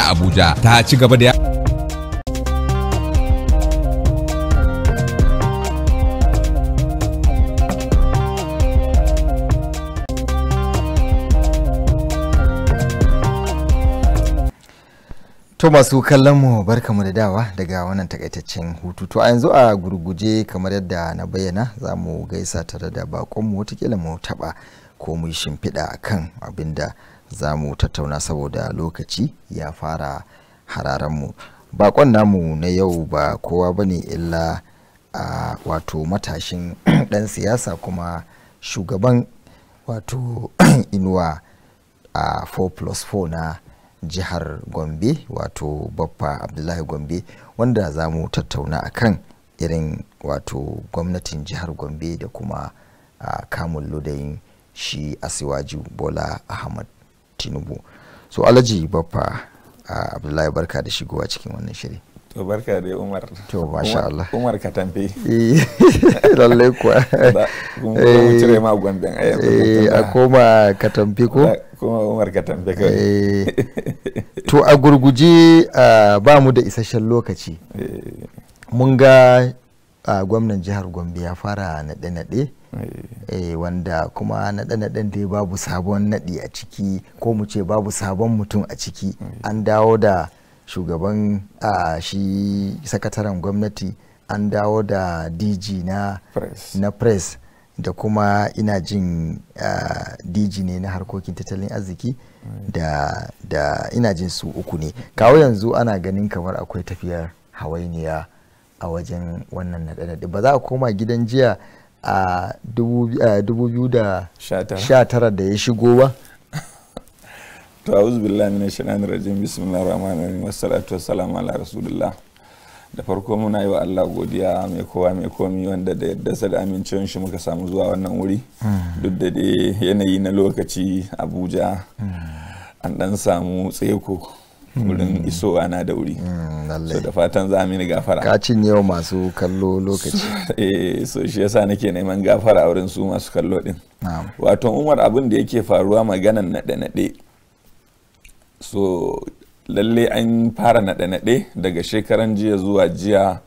a Abuja ta ci gaba da To masu kallon mu barkamu da dawa daga wannan takaitaccen hutu. To a yanzu a gurguje kamar yadda na bayyana za mu gaisa tare da bakonmu watakila mu taba ko mu yi shimfiɗa kan abin da za mu tattauna saboda lokaci ya fara mu bakon namu na yau ba kowa ba ne illa a wato matashin ɗan siyasa kuma shugaban wato inuwa a 4 plus 4 na jihar gombe wato baffa abdullahi gombe wanda za mu tattauna a kan irin wato gwamnatin jihar gombe da kuma kamun ludayin shi asiwaju bola ahmad tinubu so alhaji baffa abdullahi barka da shigowa cikin wannan shiri to barka da umar to masha Allah umar ka tamfe eh, lalle kuwa kuma cire ma gwandan eh a koma ka tamfe ko kuma umar ka tamfe ka eh, to a gurguje ba mu da isasshen lokaci eh. mun ga gwamnan jihar gombe ya fara naɗe-naɗe eh. Eh, wanda kuma naɗe-naɗen dai babu sabon naɗi a ciki ko mu ce babu sabon mutum a ciki eh. an dawo da shugaban shi sakataren gwamnati an dawo da dg na na press da kuma ina jin dg ne na harkokin tattalin arziki da ina jin su uku ne kawo yanzu ana ganin kamar akwai tafiyar hawainiya a wajen wannan naɗe-naɗe ba za a koma gidan jiya a 2019 da ya shigo ba to a'udhu billahi minash shaitanir rajin bismillah rahman rahim wassalatu wassalamu ala rasulillah da farko muna yi wa Allah godiya mai kowa mai komi wanda da yadda da amincewan shi muka samu zuwa wannan wuri hmm. duk da dai yanayi na lokaci Abuja hmm. an dan samu tseko wurin hmm. isowa na da wuri hmm, so da fatan za mini gafara ka cinye wa masu kallo lokaci eh so shi yasa nake neman gafara wurin su masu kallo din wato umar abin da yake faruwa maganan naɗe naɗe so lalle an fara naɗe naɗe daga shekaran jiya zuwa jiya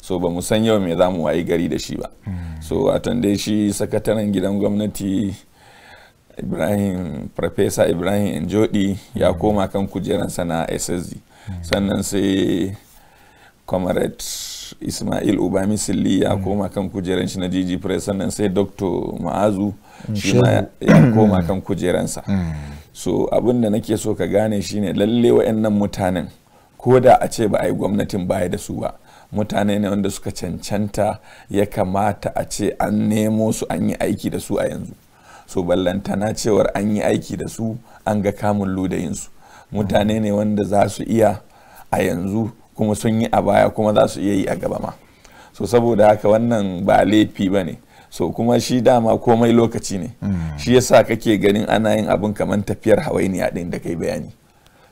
so ba mu san yau me za mu wayi gari da shi ba hmm. so watan dai shi sakataren gidan gwamnati ibrahim farfesa ibrahim njodi ya mm. koma kan kujeransa na ssd mm. sannan sai comrade ismail ubami silli ya mm. koma kan kujeran shi na dg press sannan sai dr ma'azu shi ma ya koma kan kujeransa so abin da nake so ka gane shine lalle wa'annan mutanen ko da a ce ba a yi gwamnatin baya da su ba mutane ne wanda suka cancanta ya kamata a ce an nemo su an yi aiki da su a yanzu so ballantana cewar an yi aiki da su an ga kamun su mutane ne wanda za su iya a yanzu kuma sun yi a baya kuma za su iya yi a gaba ma so saboda haka wannan ba laifi ba ne so kuma shi dama komai lokaci ne hmm. shi yasa kake ganin ana yin abin kamar tafiyar hawainiya ɗin da kai bayani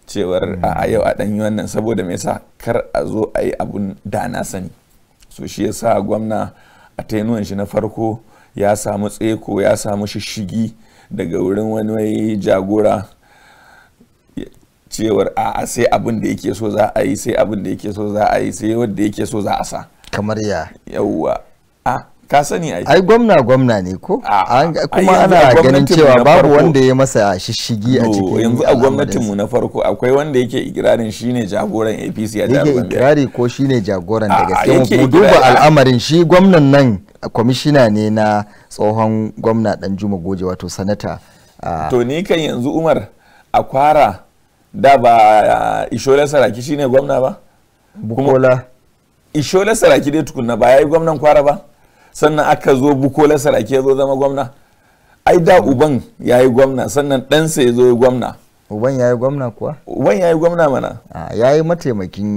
cewar hmm. a yau a ɗanyi wannan saboda me yasa kar a zo a yi abun da na sani so shi yasa gwamna a tainuwan shi na farko ya samu tseko ya samu shishigi daga wurin wani mai jagora cewar a'a sai abin da yake so za a yi sai abin da yake so za a yi sai wadda yake so za a sa kamar ya yawwa ka sani ai ai gwamna gwamna ne ko kuma ana ganin cewa babu wanda ya masa shishigi a cikin yanzu a gwamnatin mu na farko akwai wanda yake ikirarin shine jagoran APC a jihar Yake ikirari ko shine jagoran da gaske mu duba al'amarin shi gwamnan nan kwamishina ne na tsohon gwamna dan Juma Goje wato sanata to ni kan yanzu Umar a kwara da ba Ishola Saraki shine gwamna ba Bukola Ishola Saraki dai tukunna ba yayi gwamnan kwara ba sannan aka zo bukola sarake ya zo zama gwamna ai da uban ya yi gwamna sannan ɗansa ya zo yi gwamna uban ya yi gwamna kuwa uban ya yi gwamna mana ya yi mataimakin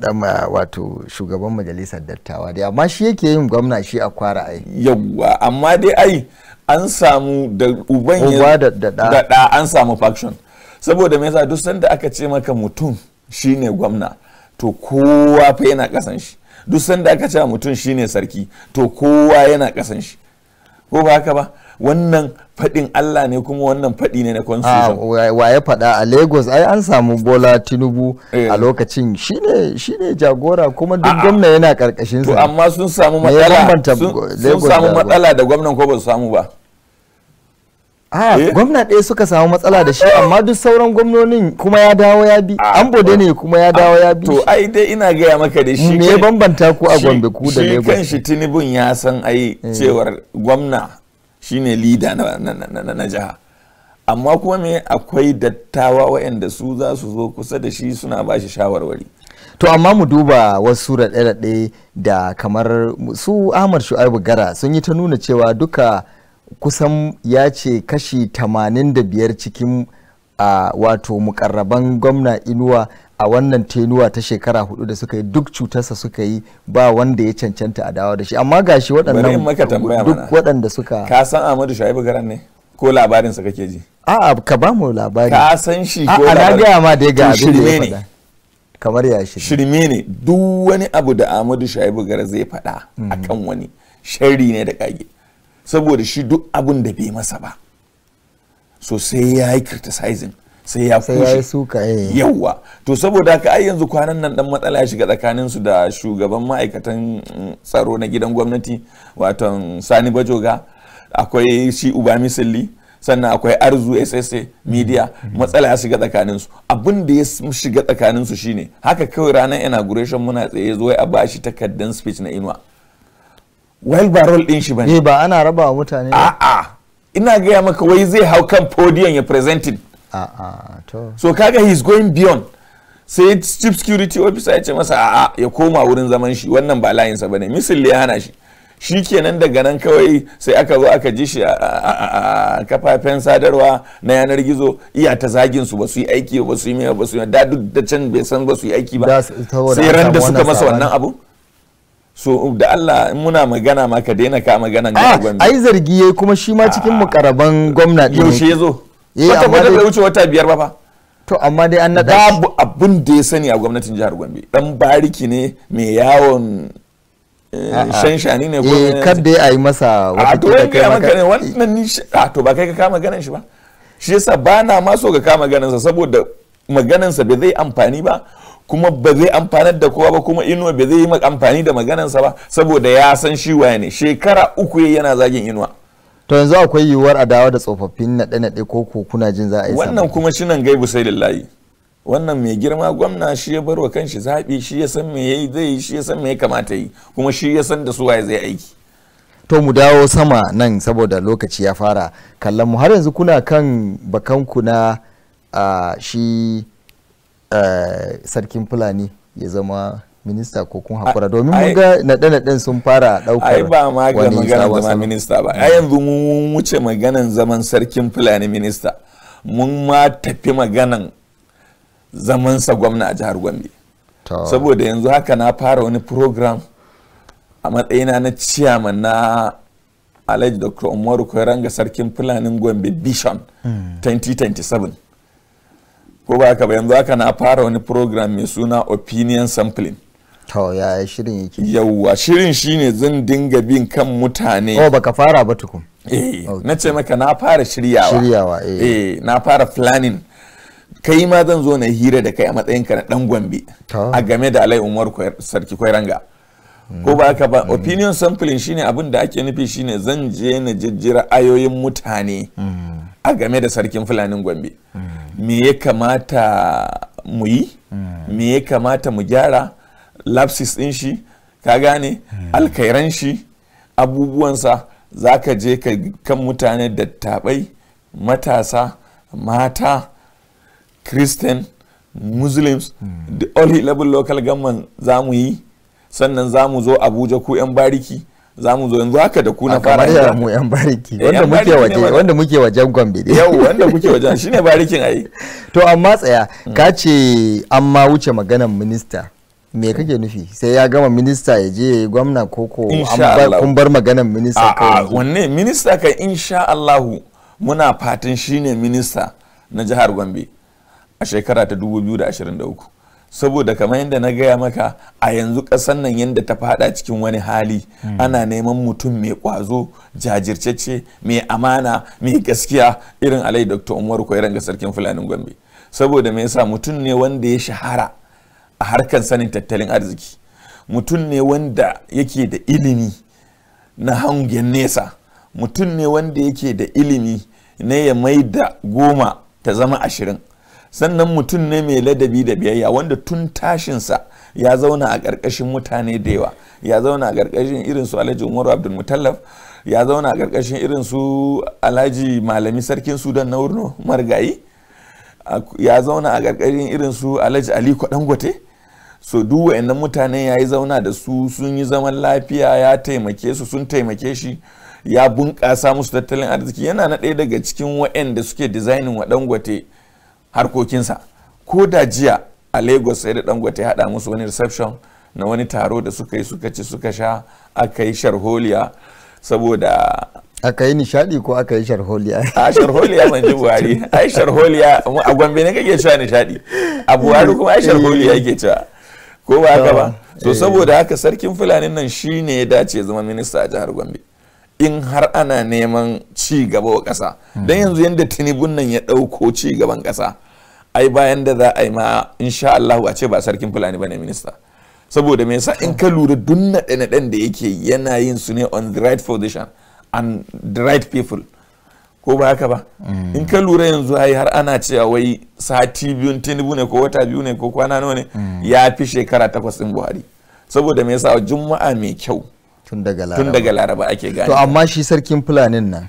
dama wato shugaban majalisar dattawa dai amma shi yake yin gwamna shi a kwara ai yawwa amma dai ai an samu da uban ya da da an samu faction saboda me yasa duk sanda aka ce maka mutum shine gwamna to kowa fa yana kasan shi duk sanda aka ce mutum shine sarki to kowa yana kasan shi ko ba haka ba wannan faɗin Allah ne kuma wannan faɗi ne na constitution ah, wa ya faɗa a Lagos ai an samu Bola Tinubu eh. a lokacin shine shine jagora kuma duk gwamna yana karkashin sa amma sun samu matsala sun samu matsala da gwamnan ko ba su samu ba a ah, eh? gwamna ɗaya suka samu matsala da shi amma duk sauran gwamnonin kuma ya dawo ya bi ah, an bode ne kuma ya dawo ya bi to ai dai ina gaya maka da shi me bambanta ku a gombe ku da lagos shi kanshi tinubun ya san ai eh. cewar gwamna shine leader na na jiha amma kuma me akwai dattawa waɗanda su za su zo kusa da shi suna ba shi shawarwari to amma mu duba wasu raɗe-raɗe da kamar su ahmad shu'aibu gara sun yi ta nuna cewa duka kusan ya ce kashi 85 cikin a wato mukarraban gwamna inuwa a wannan tenuwa ta shekara hudu da suka yi duk cutarsa suka yi ba wanda ya cancanta a dawo da shi amma ga shi waɗannan duk waɗanda suka ka san Amadu Shaibu garan ne ko labarin sa kake ji a'a ka ba mu labari ka san shi ko labarin a'a na gaya ma dai ga abin da ya faɗa kamar ya shi shirme ne duk wani abu da Amadu Shaibu gara zai faɗa hmm. akan wani sharri ne da kage saboda shi duk abin da bai masa ba so sai ya yi criticizing sai ya kushe eh. yawa to saboda haka ai yanzu kwanan nan dan matsala ya shiga tsakanin su da shugaban ma'aikatan mm, tsaro na gidan gwamnati wato sani bajoga akwai shi uba sannan akwai arzu ssa media mm-hmm. matsala ya shiga tsakanin su abin da ya shiga tsakanin su shine haka kawai ranar inauguration muna tsaye zo ya ba shi takardar speech na inuwa Welbarol ba din shi bane eh, ba ana raba wa mutane a'a ina gaya maka wai zai hau kan podium ya presented a'a to so kaga is going beyond sai chief security officer ya ce masa a ya koma wurin zaman shi wannan ba layinsa bane misali ya hana shi shi kenan daga nan kawai sai aka zo aka ji shi a kafafen sadarwa na yanar gizo iya ta zagin su ba su yi aiki ba su yi ba su yi da duk da can bai san ba su yi aiki ba sai ran suka masa wannan abu so da Allah muna magana ma ka daina ka magana ga ah, gwamnati ai zargi yayi kuma shi ma cikin ah. mukaraban gwamnati ne. yaushe yazo eh, wata gwamnati bai wuce wata biyar ba fa to amma dai an nada babu abin da ya sani a gwamnatin jihar Gombe dan bariki ne mai yawon eh, shanshani ne ko eh, kar dai ayi masa ah, wata to kai maka ne wannan ni a to ba kai ka kama ganin shi ba shi yasa ba na ma so ka kama ganin sa saboda maganansa bai zai amfani ba kuma ba zai amfanar da kowa ba kuma inuwa ba zai yi amfani da maganansa ba saboda ya san shi waye ne shekara uku yana zagin inuwa to yanzu akwai yiwuwar a dawo da tsofaffin naɗe-naɗe ko ko kuna jin za a yi wannan kuma shi nan gaibu sai lillahi wannan mai girma gwamna shi ya bar wa kanshi zaɓi shi ya san me yayi zai shi ya san me ya kamata yi kuma shi ya san da su waye zai aiki to mu dawo sama nan saboda lokaci ya fara kallon mu har yanzu kuna kan bakanku na uh, shi Eh, sarkin fulani ya zama minista ko kun hakura domin mun ga naɗe-naɗen sun fara ɗaukar wani ba ma ga magana zama minista ba a yanzu mun wuce maganan zaman sarkin fulani minista mun ma tafi maganan zamansa gwamna a jihar gombe saboda yanzu haka na fara wani program a matsayina na ciyaman na alhaji dr umaru koyaranga sarkin fulanin gombe bishon hmm. 2027 ko ba ka ba yanzu haka na fara wani program mai suna opinion sampling to ya shirin yake yawwa shirin shine zan dinga bin kan mutane oh baka fara ba tukun eh na ce maka na fara shiryawa shiryawa eh. eh na fara planning kai ma zan zo na hira da kai a matsayin ka na dan gombe a game da alai umar sarki kwairanga ko ba haka ba mm. opinion sampling shine abin da ake nufi shine zan je na jijjira ayoyin mutane mm. a game da sarkin fulanin gombe me ya kamata mu yi me ya kamata mu gyara lapsis din shi ka gane alkairan shi abubuwansa za ka je ka kan mutane da tabai matasa mata christian muslims the all level local government za mu yi sannan za mu zo abuja ko 'yan bariki za mu zo yanzu haka da ku na fara kamar mu yan bariki eh, wanda muke waje wanda muke wajen Gombe dai yau wanda kuke wajen shine barikin ai to amma tsaya mm. ka ce an ma wuce maganan minista me kake nufi sai ya gama minista ya je gwamna koko kun bar maganan minista kawai wanne minista kan insha Allah muna fatan shine minista na jihar Gombe a shekara ta 2023 saboda kamar yadda na gaya maka a yanzu ƙasar nan yadda ta fada cikin wani hali hmm. ana neman mutum mai ƙwazo jajircece mai amana mai gaskiya irin alai dr umaru koyar ga sarkin fulanin gombe saboda me yasa mutum ne wanda ya shahara a harkar sanin tattalin arziki mutum ne wanda yake da ilimi na hangen nesa mutum ne wanda yake da ilimi na ya mai da goma ta zama ashirin sannan mutum ne mai ladabi da biyayya wanda tun tashinsa ya zauna a ƙarƙashin mutane da yawa ya zauna a ƙarƙashin irin su alhaji umaru abdulmutallaf ya zauna a ƙarƙashin irin su alhaji malami sarkin sudan na margayi ya zauna a ƙarƙashin irin su alhaji Ali dangote so duk wa'annan mutane ya yi zauna da su sun yi zaman lafiya ya taimake su sun taimake shi ya bunƙasa musu tattalin arziki yana na ɗaya daga cikin wa'anda suke dizainin wa harkokinsa ko da jiya a lagos sai da dangote ya haɗa musu wani reception na wani taro da suka yi suka ci suka sha aka yi sharholiya saboda aka yi nishadi ko aka yi sharholiya a sharholiya ban ji buhari ai sharholiya a gombe ne kake cewa nishadi a buhari kuma a sharholiya yake cewa ko ba haka ba so eh, saboda eh. haka sarkin fulani nan shine ya dace zama minista a jihar gombe in har ana neman ci gaba wa ƙasa don hmm. yanzu yadda tinibun nan ya ɗauko ci gaban kasa. ai bayan da za a yi ma insha Allah a ce ba sarkin fulani bane minista saboda me yasa in ka lura duk naɗe-naɗen da yake yana yin su ne on the right position and the right people ko ba haka ba hmm. in ka lura yanzu ai har ana cewa wai sati biyun tinubu ne ko wata biyu ne ko kwana nawa ne hmm. ya fi shekara takwas din buhari saboda me yasa juma'a mai kyau tun daga laraba ake gane to amma shi sarkin fulanin nan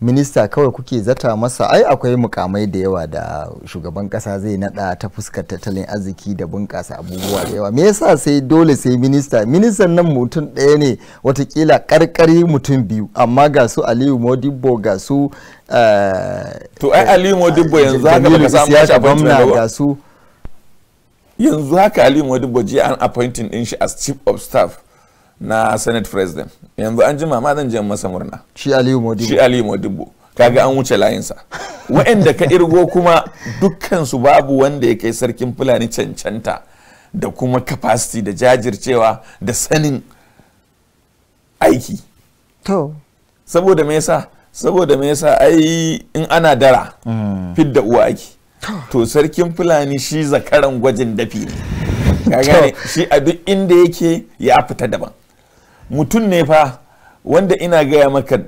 minista kawai kuke zata masa ai akwai mukamai da yawa da shugaban kasa zai nada ta fuskar tattalin arziki da bunƙasa abubuwa da yawa me yasa sai dole sai minista ministan nan mutum ɗaya ne watakila karkari mutum biyu amma ga su aliyu modibo ga su eh, to ai aliyu modibo yanzu haka baka samu shi gwamna ga su yanzu haka aliyu modibo ji an appointing din shi as chief of staff na senate president yanzu an jima ma zan je masa murna shi aliyu modibo shi aliyu modibo kaga an wuce layinsa wa'anda ka irgo kuma dukkan su babu wanda ya kai sarkin fulani cancanta da kuma capacity da jajircewa da sanin aiki to saboda me yasa saboda me yasa ai in ana dara hmm. fidda uwa aiki. to sarkin fulani shi zakaran gwajin dafi ne shi a duk inda yake ya fita daban mutum ne fa wanda ina gaya maka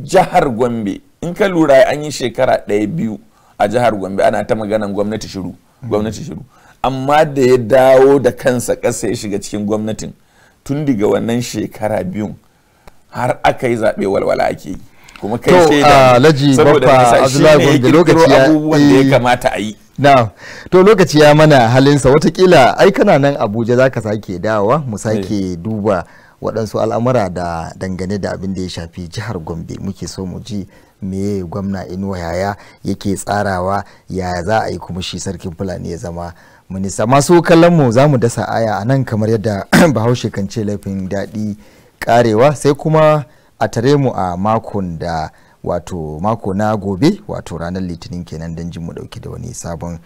jihar gombe in ka lura an yi shekara ɗaya biyu a jihar gombe ana ta maganan gwamnati shiru gwamnati shiru amma da ya dawo da kansa ƙasa ya shiga cikin gwamnatin tun daga wannan shekara biyun har aka yi zaɓe walwala ake yi kuma kai shaida laji babba azulagun da lokaci ya abubuwan da ya eh. kamata a yi na to lokaci ya mana halinsa watakila ai kana nan abuja zaka sake dawowa mu sake eh. duba waɗansu al'amura da dangane da abin da ya shafi jihar gombe muke so mu ji me gwamna inuwa yaya yake tsarawa ya za a yi kuma shi sarkin fulani ya zama minista masu kallon mu za mu dasa aya a nan kamar yadda bahaushe kan ce laifin daɗi karewa sai kuma a tare mu a makon da wato mako na gobe wato ranar litinin kenan don jin mu ɗauki da wani sabon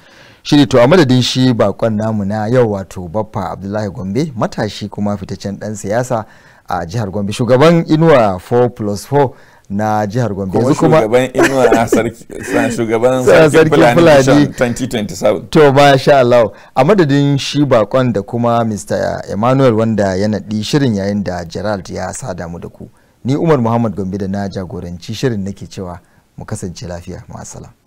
shiri to a madadin shi bakon namu na yau wato baffa abdullahi gombe matashi kuma fitaccen dan siyasa a jihar gombe shugaban inuwa 4 plus 4 na jihar gombe yanzu kuma shugaban inuwa shugaban sarki fulani 2027 to ba sha Allah a madadin shi bakon da kuma mr emmanuel wanda ya naɗi shirin yayin da gerald ya sada mu da ku ni umar muhammad gombe da na jagoranci shirin nake cewa mu kasance lafiya ma'asala